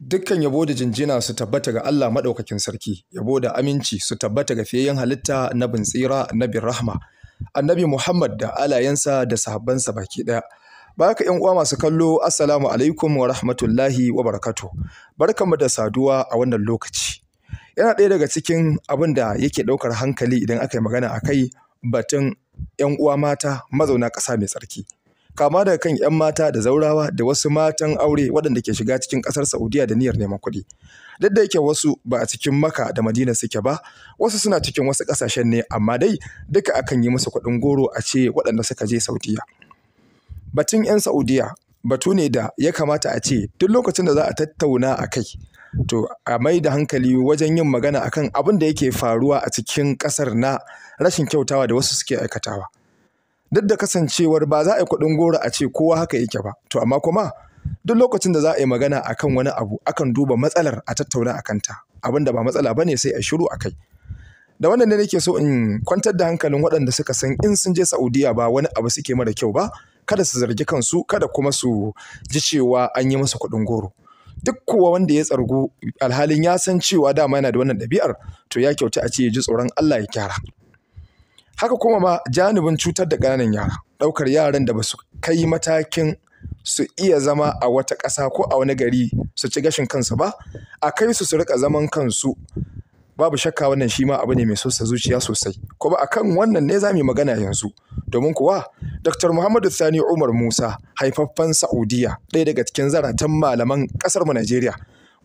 Dukkan yabo da jinjina su tabbata ga Allah maɗaukakin sarki, yabo da aminci su tabbata ga fiyayyen halitta na bin tsira na bin rahma, annabi Muhammad da alayensa da sahabbansa baki ɗaya. Baka ‘yan uwa masu kallo, Assalamu alaikum wa rahmatullahi wa barakatu. Barkanmu da saduwa a wannan lokaci. Yana ɗaya daga cikin abin da yake ɗaukar hankali idan aka yi magana a kai batun ‘yan uwa mata mazauna ƙasa mai tsarki. kama daga kan 'yan mata da zaurawa da wasu matan aure waɗanda ke shiga cikin ƙasar Saudiya da niyyar neman kuɗi. Duk da yake wasu ba a cikin Maka da Madina suke ba, wasu suna cikin wasu ƙasashen ne amma dai duka akan yi musu kuɗin goro a ce waɗanda suka je Saudiya. Batun 'yan Saudiya batu ne da ya kamata a ce duk lokacin da za a tattauna a kai to a mai da hankali wajen yin magana akan abin da yake faruwa a cikin ƙasar na rashin kyautawa da wasu suke aikatawa. duk da kasancewar ba za a yi kuɗin goro a ce kowa haka yake ba to amma kuma duk lokacin da za a yi magana akan wani abu akan duba matsalar a tattauna a kanta abin da ba matsala ba ne sai a shiru a kai da wannan ne nake so in kwantar da hankalin waɗanda suka san in sun je Saudiya ba wani abu suke mara kyau ba kada su zargi kansu kada kuma su ji cewa an yi musu kuɗin goro duk kuwa wanda ya tsargu alhalin ya san cewa dama yana da wannan ɗabi'ar to ya kyauta a ce ya ji tsoron Allah ya kyara. haka kuma ma janibin cutar da ƙananan yara ɗaukar yaran da ba su kai matakin su iya zama a wata ƙasa ko a wani gari su ci gashin kansu ba a kai su su rika zaman kansu babu shakka wannan shi ma abu ne mai sosa zuciya sosai kuma a kan wannan ne za mu yi magana yanzu domin kuwa dr muhammadu sani umar musa haifaffen Saudiyya, ɗaya daga cikin zaratan malaman ƙasar mu najeriya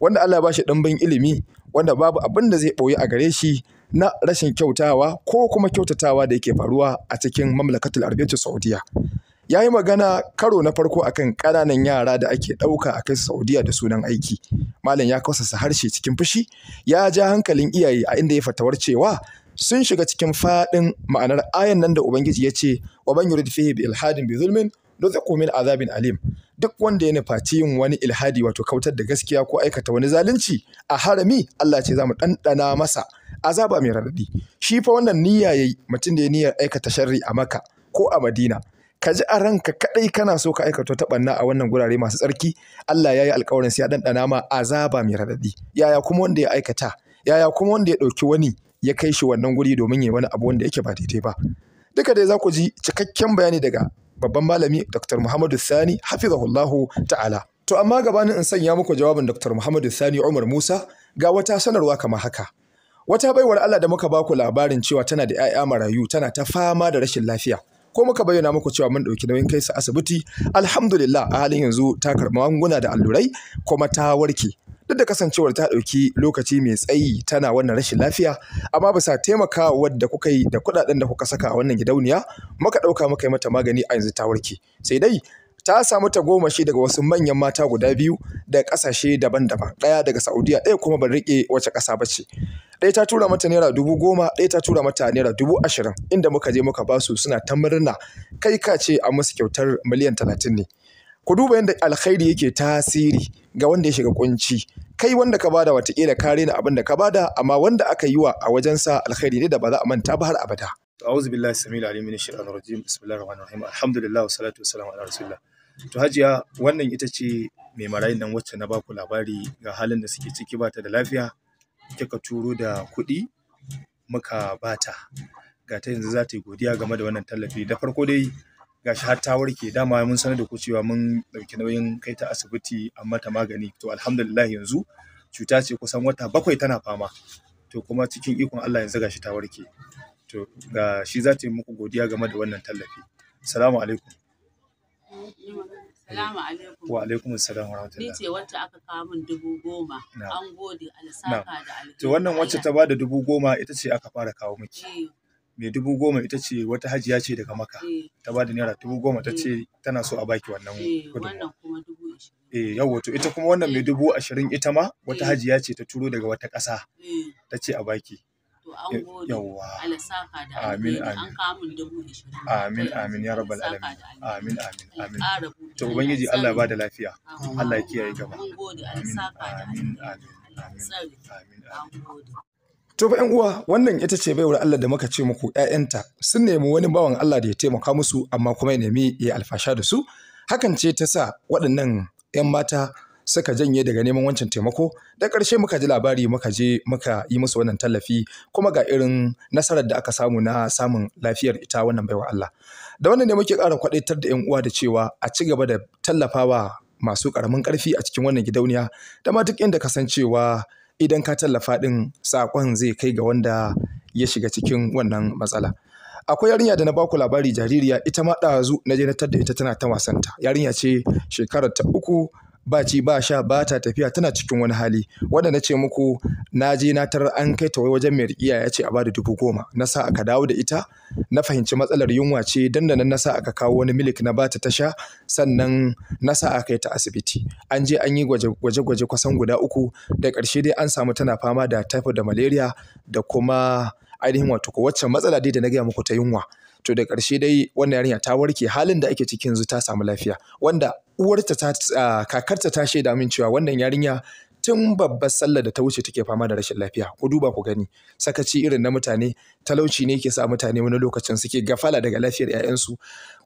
wanda Allah ba shi ɗanbin ilimi wanda babu abin da zai ɓoyi a gare shi na rashin kyautawa ko kuma kyautatawa da yake faruwa a cikin mamlakatul arabiyyatu saudiya ya yi magana karo na farko akan ƙananan yara da ake ɗauka a kai saudiya da sunan aiki malam ya sa harshe cikin fushi ya ja hankalin iyaye a inda ya fatawar cewa sun shiga cikin faɗin ma'anar ayan nan da ubangiji ya ce wa ban yurid fihi bi ilhadin bi zulmin nuziqu min azabin alim duk wanda ya nufaci yin wani ilhadi wato kautar da gaskiya ko aikata wani zalunci a harami Allah ce za mu ɗanɗana masa azaba mai raɗaɗi shi fa wannan niyya yayi mutum da ya niyyar aikata sharri a maka ko a Madina ka ji a ranka kaɗai kana so ka aikata ta banna a wannan gurare masu tsarki Allah ya yi alkawarin sai ya ɗanɗana ma azaba mai raɗaɗi yaya kuma wanda ya aikata yaya kuma wanda ya ɗauki wani ya kai shi wannan guri domin ya wani abu wanda yake ba daidai ba duka dai za ku ji cikakken bayani daga babban malami Dr. Muhammadu Sani hafizahullahu ta'ala. To amma gabanin in sanya muku jawabin Dr. Muhammadu Sani Umar Musa ga wata sanarwa kama haka. Wata baiwar Allah da muka baku labarin cewa tana da 'ya'ya marayu tana ta fama da rashin lafiya. Ko muka bayyana muku cewa mun ɗauki nauyin kai su asibiti, alhamdulillah a halin yanzu ta karɓi magunguna da allurai kuma ta warke. duk da kasancewar ta ɗauki lokaci mai tsayi tana wannan rashin lafiya amma bisa taimaka wadda kuka yi da kuɗaɗen da kuka saka a wannan gidauniya muka ɗauka muka yi mata magani a yanzu ta warke sai dai ta samu shi daga wasu manyan mata guda biyu da ƙasashe daban-daban ɗaya daga saudiya ɗaya kuma ban riƙe wace ƙasa ba ce ɗaya ta tura mata naira dubu goma ɗaya ta tura mata naira dubu ashirin inda muka je muka basu suna ta murna kai ka ce an musu kyautar miliyan talatin ne ku duba yadda alkhairi yake tasiri ga wanda ya shiga kunci kai wanda ka bada watakila kare na abin da ka bada amma wanda aka yi wa a wajen sa alkhairi ne da ba za a manta ba har abada a'udhu billahi samil alim min shaitanir rajim bismillahir rahmanir rahim alhamdulillah wassalatu wassalamu ala rasulillah to hajiya wannan ita ce mai marayin nan wacce na baku labari ga halin da suke ciki bata da lafiya kika turo da kuɗi muka bata ga ta yanzu za ta yi godiya game da wannan tallafi da farko dai gashi har ta warke dama mun sanar da ku cewa mun ɗauki nauyin kai ta asibiti an mata magani to alhamdulillah yanzu cuta ce kusan wata bakwai tana fama to kuma cikin ikon Allah yanzu gashi ta warke to ga shi za ta yi muku godiya game da wannan tallafi assalamu alaikum Salamu alaikum. Wa alaikum assalam wa rahmatullahi. Ni ce wacce aka kawo min dubu goma. An gode alsaka da alheri. To wannan wacce ta da dubu goma ita ce aka fara kawo miki. mai dubu goma ita ce wata hajiya ce daga maka eh. ta ba da naira dubu goma ta ce eh. tana so a baki wannan eh, gudunmawa eh yawa to ita kuma wannan mai dubu ashirin ita ma wata hajiya ce ta turo daga wata ƙasa ta ce a baki yawwa amin amin amin amin ya rabbal alamin amin amin amin to ubangiji Allah ba da lafiya Allah ya kiyaye gaba Amin, amin amin amin amin amin To ba uwa wannan ita ce baiwar Allah da muka ce muku ‘ya'yanta sun nemi wani bawan Allah da ya taimaka musu amma kuma ya nemi ya alfasha da su. Hakan ce ta sa waɗannan ‘yan mata suka janye daga neman wancan taimako da ƙarshe muka ji labari muka je muka yi musu wannan tallafi kuma ga irin nasarar da aka samu na samun lafiyar ita wannan baiwa Allah. Da wannan ne muke ƙara kwaɗaitar da ‘yan uwa da cewa a ci gaba da tallafawa masu ƙaramin ƙarfi a cikin wannan gidauniya da ma duk inda kasancewa cewa idan ka tallafa ɗin saƙon zai kai ga wanda ya shiga cikin wannan matsala. Akwai yarinya da na baku labari jaririya ita ma ɗazu na je na tadda ita tana ta wasanta. Yarinya ce shekarar ta uku ba ci ba sha ba ta tafiya tana cikin wani hali wanda na ce muku na je na tar an kai ta wajen mai riƙiya ya ce a bada dubu goma na sa aka dawo da ita na fahimci matsalar yunwa ce dandanan na sa aka kawo wani milik na bata ta sha sannan na sa aka kai ta asibiti an je an yi gwaje-gwaje kusan guda uku da ƙarshe dai an samu tana fama da typhoid da malaria da kuma ainihin wato ko Wacce matsala dai da na gaya muku ta yunwa to da ƙarshe dai wannan yarinya ta warke halin da ake cikin yanzu ta samu lafiya wanda uwarta ta ah, kakarta ta shaida min cewa wannan yarinya tun babbar sallar da ta wuce take fama da rashin lafiya ku duba ku gani sakaci irin na mutane talauci ne yake sa mutane wani lokacin suke gafala daga lafiyar 'ya'yansu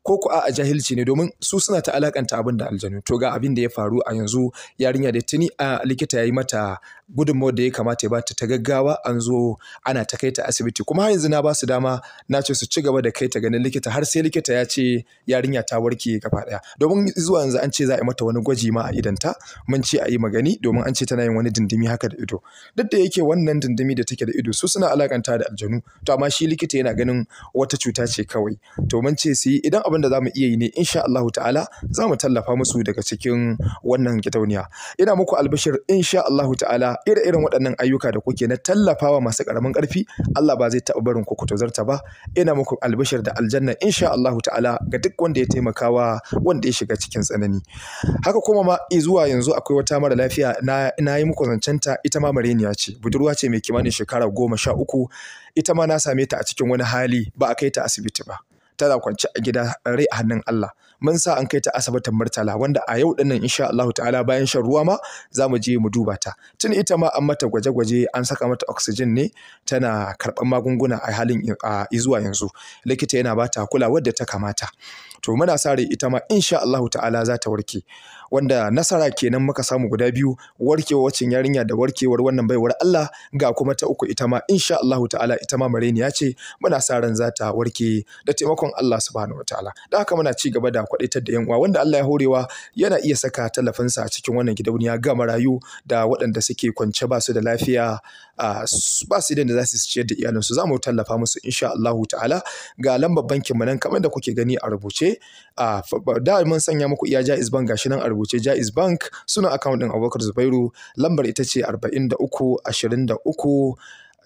ko ku a jahilci ne domin su suna ta alakanta abin da aljanu to ga abin da ya faru a yanzu yarinya da tuni a likita ya yi mata gudunmawar da ya kamata ya bata ta gaggawa an zo ana ta kai ta asibiti kuma har yanzu na ba su dama na ce su ci gaba da kai ta ganin likita har sai likita ya ce yarinya ta warke gaba daya domin zuwa yanzu an ce za a yi mata wani gwaji ma a idanta mun ce a yi magani domin an ce tana yin wani dindimi haka da ido duk da yake wannan dindimi da take da ido su suna alakanta da aljanu to amma shi likita yana ganin wata cuta ce kawai to mun ce su idan abin da zamu iya yi ne insha Allahu ta'ala zamu tallafa musu daga cikin wannan gidauniya ina muku albishir insha Allahu ta'ala ire irin waɗannan ayyuka da kuke na tallafawa masu karamin ƙarfi Allah ba zai taɓa barin ku tozarta ba ina muku albishir da aljanna insha Allahu ta'ala ga duk wanda ya taimakawa wanda ya shiga cikin tsanani haka kuma ma zuwa yanzu akwai wata mara lafiya na na yi muku zancenta ita ma mareniya ce budurwa ce mai kimanin shekara goma sha uku ita ma na same ta a cikin wani hali ba a kai ta asibiti ba tana kwance a gida rai a hannun Allah mun sa an kai ta asibitin Murtala wanda a yau dinnan insha Allah ta'ala bayan shan ruwa ma za mu je mu duba ta tun ita ma an mata gwaje-gwaje an saka mata oxygen ne tana karɓar magunguna a halin a zuwa yanzu likita yana bata kulawar da ta kamata to muna sa rai ita ma insha Allah ta'ala za ta warke wanda nasara kenan muka samu guda biyu warkewar wacin yarinya da warkewar wannan baiwar Allah ga kuma ta uku ita ma insha Allah ta'ala ita ma mareniya ce muna sa ran za ta warke da taimakon Allah subhanahu wataala da haka muna ci gaba da kwadaitar da yan uwa wanda Allah ya horewa yana iya saka tallafinsa a cikin wannan gidauniya ga marayu da waɗanda suke kwance ba su da lafiya ba su da za su ciyar da iyalinsu za mu tallafa musu insha Allah ta'ala ga lambar bankin mu nan kamar da kuke gani a rubuce da mun sanya muku iya jaiz ban gashi nan a rubuce Jaiz Bank suna account ɗin Abubakar Zubairu lambar ita ce arba'in da uku ashirin da uku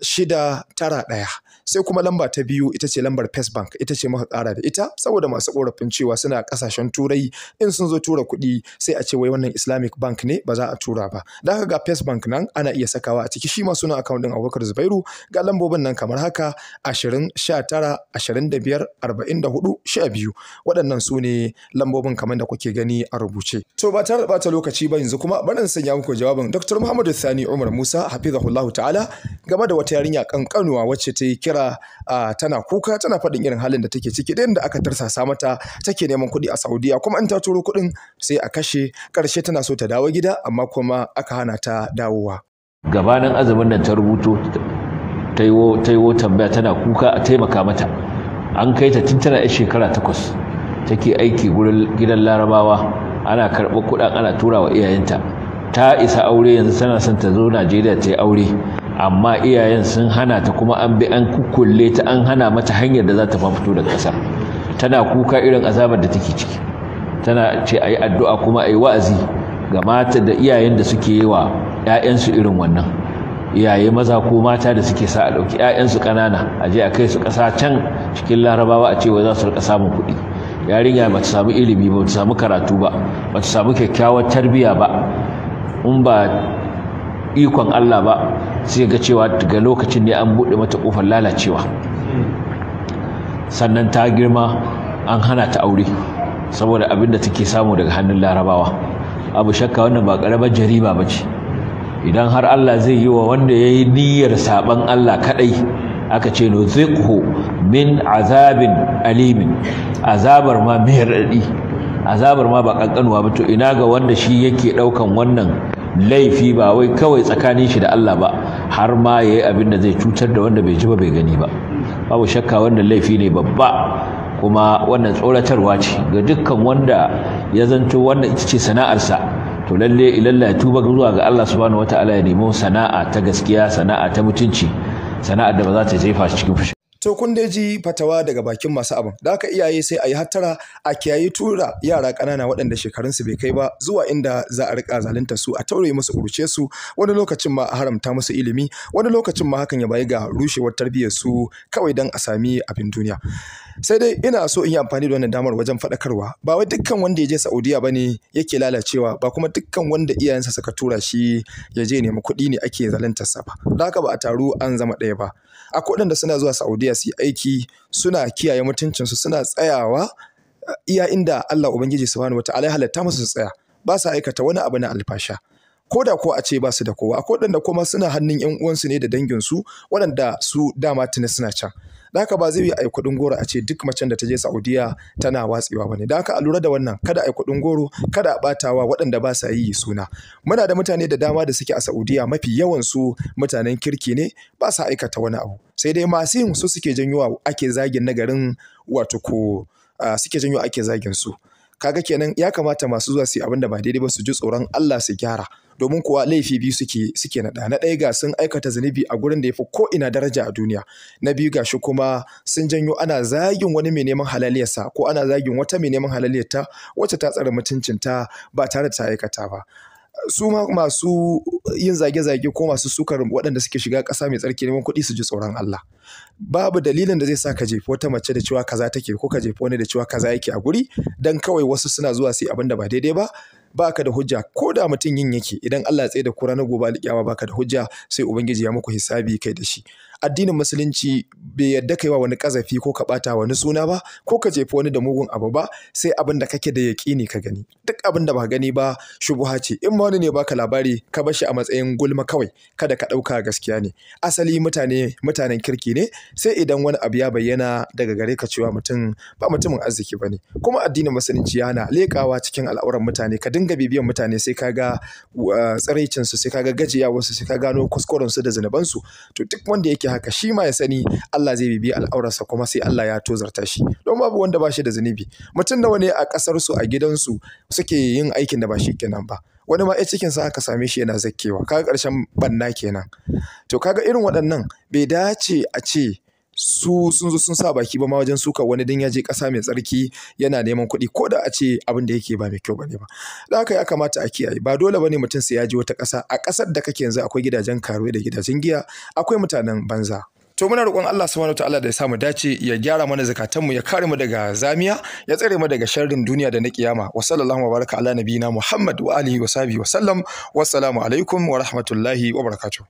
shida tara ɗaya sai kuma lamba ta biyu ita ce lambar First Bank ita ce muka ƙara da ita saboda masu korafin cewa suna ƙasashen turai in sun zo tura kuɗi sai a ce wai wannan Islamic Bank ne ba za a tura ba da haka ga First Bank nan ana iya sakawa a ciki shi ma suna account ɗin Abubakar Zubairu ga lambobin nan kamar haka ashirin sha tara ashirin da biyar arba'in da hudu sha biyu waɗannan su ne lambobin kamar da kuke gani a rubuce to ba tare da ɓata lokaci ba yanzu kuma barin sanya muku jawabin Dr. Muhammadu Sani Umar Musa hafizahullahu ta'ala game da wata wata yarinya kankanuwa wacce ta yi kira tana kuka tana faɗin irin halin da take ciki da yadda aka tarsasa mata take neman kuɗi a Saudiya kuma in ta turo kuɗin sai a kashe karshe tana so ta dawo gida amma kuma aka hana ta dawowa gabanin azumin nan ta rubuto ta yi tambaya tana kuka a taimaka mata an kai ta tun tana 'yan shekara takwas take aiki gurin gidan larabawa ana karɓar kuɗa ana tura wa iyayenta ta isa aure yanzu tana son ta zo Najeriya ta yi aure amma iyayen sun hana ta kuma an bi an kukkulle ta an hana mata hanyar da za ta fito daga ƙasar tana kuka irin azabar da take ciki tana ce ayi addu'a kuma ayi wa'azi ga mata da iyayen da suke yi wa ‘ya'yansu irin wannan iyaye maza ko mata da suke sa a ɗauki ‘ya'yansu kanana a je a kai su ƙasa can cikin larabawa a cewa za su rika samun kuɗi yarinya ba ta samu ilimi ba ta samu karatu ba ba ta samu kyakkyawar tarbiyya ba in ba ikon Allah ba sai ga cewa daga lokacin ne an buɗe mata ƙofar lalacewa sannan ta girma an hana ta aure saboda abin da take samu daga hannun larabawa abu shakka wannan ba ƙaramar jariba ba ce idan har Allah zai yi wa wanda ya yi niyyar saɓan Allah kaɗai aka ce no zai min azabin alimin azabar ma mai raɗi azabar ma ba kankanuwa ba to ina ga wanda shi yake daukan wannan laifi ba wai kawai tsakanin shi da Allah ba har ma yayi abin da zai cutar da wanda bai ji ba bai gani ba babu shakka wannan laifi ne babba kuma wannan tsoratarwa ce ga dukkan wanda ya zanto wannan ita ce sana'arsa to lalle ilalla ya tuba zuwa ga Allah subhanahu wataala ya nemo sana'a ta gaskiya sana'a ta mutunci sana'ar da ba za ta jefa shi cikin fushi to kun dai ji fatawa daga bakin masu abin da aka iyaye sai a yi hattara a kiyaye tura yara ƙanana waɗanda shekarunsu bai kai ba zuwa inda za a riƙa zalunta su a taure musu uruce su wani lokacin ma a haramta musu ilimi wani lokacin ma hakan ya bayi ga rushewar tarbiyyar su kawai don a sami abin duniya sai dai ina so in yi amfani da wannan damar wajen faɗakarwa ba wai dukkan wanda ya je Saudiya ba ne yake lalacewa ba kuma dukkan wanda iyayensa suka tura shi ya je nemi kuɗi ne ake zaluntarsa ba da haka ba a taru an zama ɗaya ba akwai waɗanda suna zuwa Saudiya tafiya su yi aiki suna kiyaye mutuncinsu suna tsayawa iya inda Allah Ubangiji subhanahu ta'ala ya halatta musu su tsaya ba sa aikata wani abu na alfasha ko da ko a ce ba su da kowa akwai waɗanda kuma suna hannun yan uwansu ne da danginsu waɗanda su dama tuni suna can da haka ba zai yi a kuɗin goro a ce duk macen da ta je Saudiya tana watsewa bane da haka a lura da wannan kada a kuɗin goro kada a batawa waɗanda ba sa yi suna muna da mutane da dama da suke a Saudiya mafi yawan su mutanen kirki ne ba sa aikata wani abu sai dai masu yin su suke janyo ake zagin nagarin wato ko suke janyo ake zagin su kaga kenan ya kamata masu zuwa su yi abin da ba daidai ba su ji tsoron Allah su gyara domin kuwa laifi biyu suke suke naɗa na ɗaya ga sun aikata zunubi a gurin da ya fi ko ina daraja a duniya na biyu ga shi kuma sun janyo ana zagin wani mai neman halaliyarsa ko ana zagin wata mai neman halaliyarta wacce ta tsara mutuncinta ba tare da ta aikata ba su ma masu yin zage-zage ko masu sukar waɗanda suke shiga ƙasa mai tsarki neman kuɗi su ji tsoron Allah. Babu dalilin da zai sa ka jefi wata mace da cewa kaza take ko ka jefi wani da cewa kaza yake a guri dan kawai wasu suna zuwa su yi abin ba daidai ba baka da hujja ko da mutum yin yake idan Allah ya tsaye da ku ranar gobe alƙiyama baka da hujja sai ubangiji ya muku hisabi kai da shi addinin musulunci bai yadda kai wa wani kazafi ko ka bata wani suna ba ko ka jefi wani da mugun abu ba sai abin da kake da yaƙini ka gani duk abin da ba gani ba shubuha ce in ma wani ne baka labari ka bar shi a matsayin gulma kawai kada ka ɗauka gaskiya ne asali mutane mutanen kirki ne sai idan wani abu ya bayyana daga gare ka cewa mutum ba mutumin arziki ba ne kuma addinin musulunci yana leƙawa cikin al'auran mutane ka dinga bibiyan mutane sai ka ga uh, tsiraicinsu sai ka ga gajiyawarsu sai ka gano kuskurensu da zunubansu to duk wanda yake haka shi ma ya sani Allah zai bibi al'aurarsa kuma sai Allah ya tozarta shi don babu wanda ba shi da zunubi mutum nawa ne a kasar su a gidansu suke yin aikin da ba shi kenan ba wani ma cikin sa aka same shi yana zakkewa kaga ƙarshen banna kenan to kaga irin waɗannan bai dace a ce su sun zo sun sa baki ba ma wajen suka wani dan ya je ƙasa mai tsarki yana neman kuɗi ko da a ce abin da yake ba mai kyau bane ba da haka ya kamata a kiyaye ba dole bane mutum sai ya je wata ƙasa a ƙasar da kake yanzu akwai gidajen karuwa da gidajen giya akwai mutanen banza to muna roƙon Allah subhanahu wataala da ya samu dace ya gyara mana zakatan mu ya kare mu daga zamiya ya tsare mu daga sharrin duniya da na kiyama wa sallallahu baraka ala nabiyina muhammad wa alihi wa sahbihi wa sallam wassalamu alaikum wa rahmatullahi wa barakatuh